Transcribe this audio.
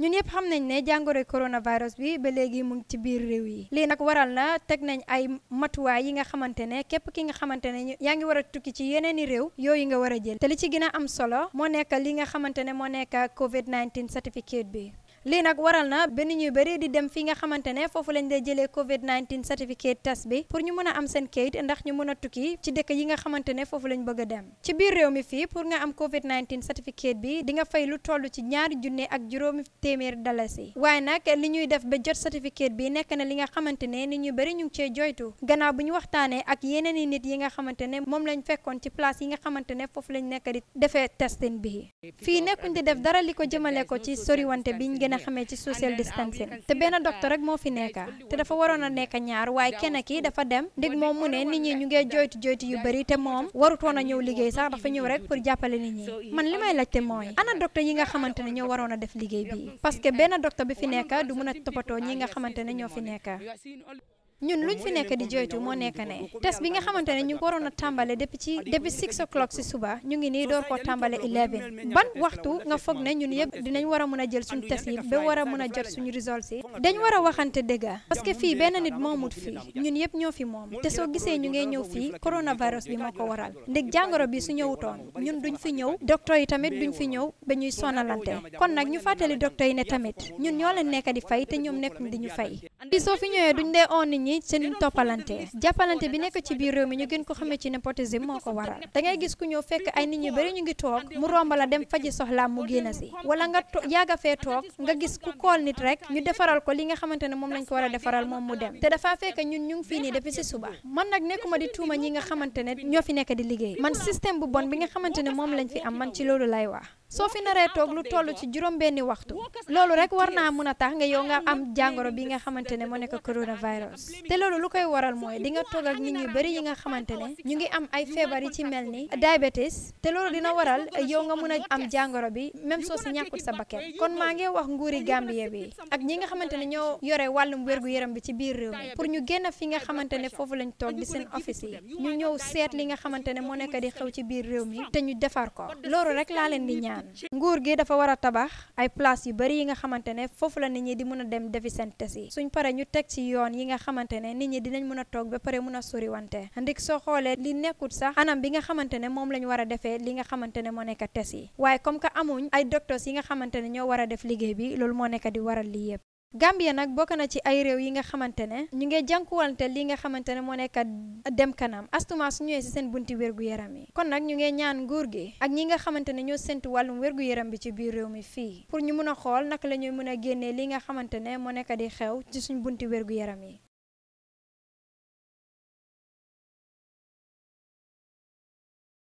ñun ñëpp xam nañ ne jàngoro coronavirus bi ba léegi mu ngi ci biir réew yi lii nag waral na teg nañ ay matuwaay yi nga xamante ne képp ki nga xamante ne yaa ngi war a tukki ci yeneen i réew yooyu nga war a jël te li ci gën a am solo moo nekk li nga xamante ne moo nekk COVID-19 certificate bi. lii nag waral na ba nit ñu bëri di dem fi nga xamante ne foofu lañ day jëlee Covid 19 certificate test bi pour ñu mën a am seen kayit ndax ñu mën a tukki ci dëkk yi nga xamante ne foofu lañ bëgg dem ci biir réew mi fii pour nga am Covid 19 certificate bi di nga lu toll ci ñaari junne ak juróomi téeméer dalasi waaye nag li ñuy def ba jot certificate bi nekk na li nga xamante ne nit ñu bëri ñu ngi cee joytu gannaaw bi ñu waxtaanee ak yeneen i nit yi nga xamante ne moom lañ fekkoon ci place yi nga xamante ne foofu lañ nekk di defee bi fii nekkuñ di def dara li ko jëmale ko ci soriwante biñ gën a xamee ci social uh, distancing te benn uh, docteur rek moo fi nekka te dafa waroon a nekk ñaar waaye kenn ki dafa dem ndig moom mu ne nit ñi ñu ngee joytu joytu yu bëri te moom warutoon a ñëw liggéey sax dafa ñëw rek pour jàppale nit ñi man li may laajte mooy ana docteur yi nga xamante ne ñoo waroon a def liggéey bi parce que benn docteur bi fi nekka du mën a toppatoo ñi nga xamante ne ñoo fi nekka ñun luñ fi nekk di joytu moo nekk ne test bi nga xamante ne ñu ngi ko waroon a tàmbale depuis ci depuis six o'clock si suba ñu ngi nii door koo tàmbale eleven ban waxtu nga foog ne ñun yëpp dinañ war a mën a jël suñu test yi ba war a mën a jot suñu results yi dañ war waxante dëgg parce que fii benn nit moomut fii ñun yëpp ñoo fi moom te soo gisee ñu ngee ñëw fii coronavirus bi ma ko waral ndeg jàngoro bi su ñëwutoon ñun duñ fi ñëw docteur yi tamit duñ fi ñëw ba ñuy sonalante kon nag ñu fàttali docteur yi ne tamit ñun ñoo leen nekk di fay te ñoom nekkuñ di ñu bi soo fi ñëwee duñ dee oon nit ñi seen toppalante jàppalante bi nekk ci biir réew mi ñu gën ko xamee ci népotisme moo ko waral da ngay gis ku ñëw fekk ay nit ñu bëri ñu ngi toog mu romba la dem faji soxlaam mu génn si wala nga yaaga fee toog nga gis ku nit rek ñu defaral ko li nga xamante ne moom lañ ko war a defaral moom mu dem te dafa fekk ñun ñu fii nii depuis si suba man nag nekkuma di tuuma ñi nga xamante ne ñoo fi nekk di liggéey man système bu bon bi nga xamante ne moom lañ fi am man ci loolu lay wax soo fi naree toog lu toll ci juróom-benni waxtu loolu rek war naa mën a tax nga yow nga am jàngoro bi nga xamante ne moo nekk coronavirus te loolu lu koy waral mooy di toog ak ñu ngi bëri yi nga xamante ne ñu ngi am ay feebar yi ci mel ni diabetes te loolu dina waral yow nga mën a am jàngoro bi même soo si ñàkkul sa bakket kon maa ngi wax nguuri Gambie bi ak ñi nga xamante ne ñoo yore wàllum wérgu yaram bi ci biir réew mi pour ñu génn fi nga xamante ne foofu lañ toog di seen office yi ñu ñëw seet li nga xamante ne moo nekk di xew ci biir réew mi te ñu defar ko loolu rek laa leen di ñaan nguur gi dafa war a tabax ay place yu bari yi nga xamante ne foofu la nit ñi di mën a dem defi seen test yi suñ pare ñu teg ci yoon yi nga xamante ne nit ñi dinañ mën a toog ba pare mën a sori wante ndik soo xoolee li nekkut sax anam bi nga xamante ne moom la ñu war a defee li nga xamante ne moo nekk test yi waaye comme que amuñ ay docteurs yi nga xamante ne ñoo war a def liggéey bi loolu moo nekk di waral lii yëpp Gambia nag bokk na ci ay réew yi nga xamante ne ñu ngi jànkuwante li nga xamante ne moo nekk dem kanam astuma su ñëwee si seen bunti wér-gu-yaram yi kon nag ñu ngi ñaan nguur gi ak ñi nga xamante ne ñoo séntu wàllum wér-gu-yaram bi ci biir réew mi fii pour ñu mun a xool naka la ñuy mën a génnee li nga xamante ne moo nekk di xew ci suñu bunti wér-gu-yaram yi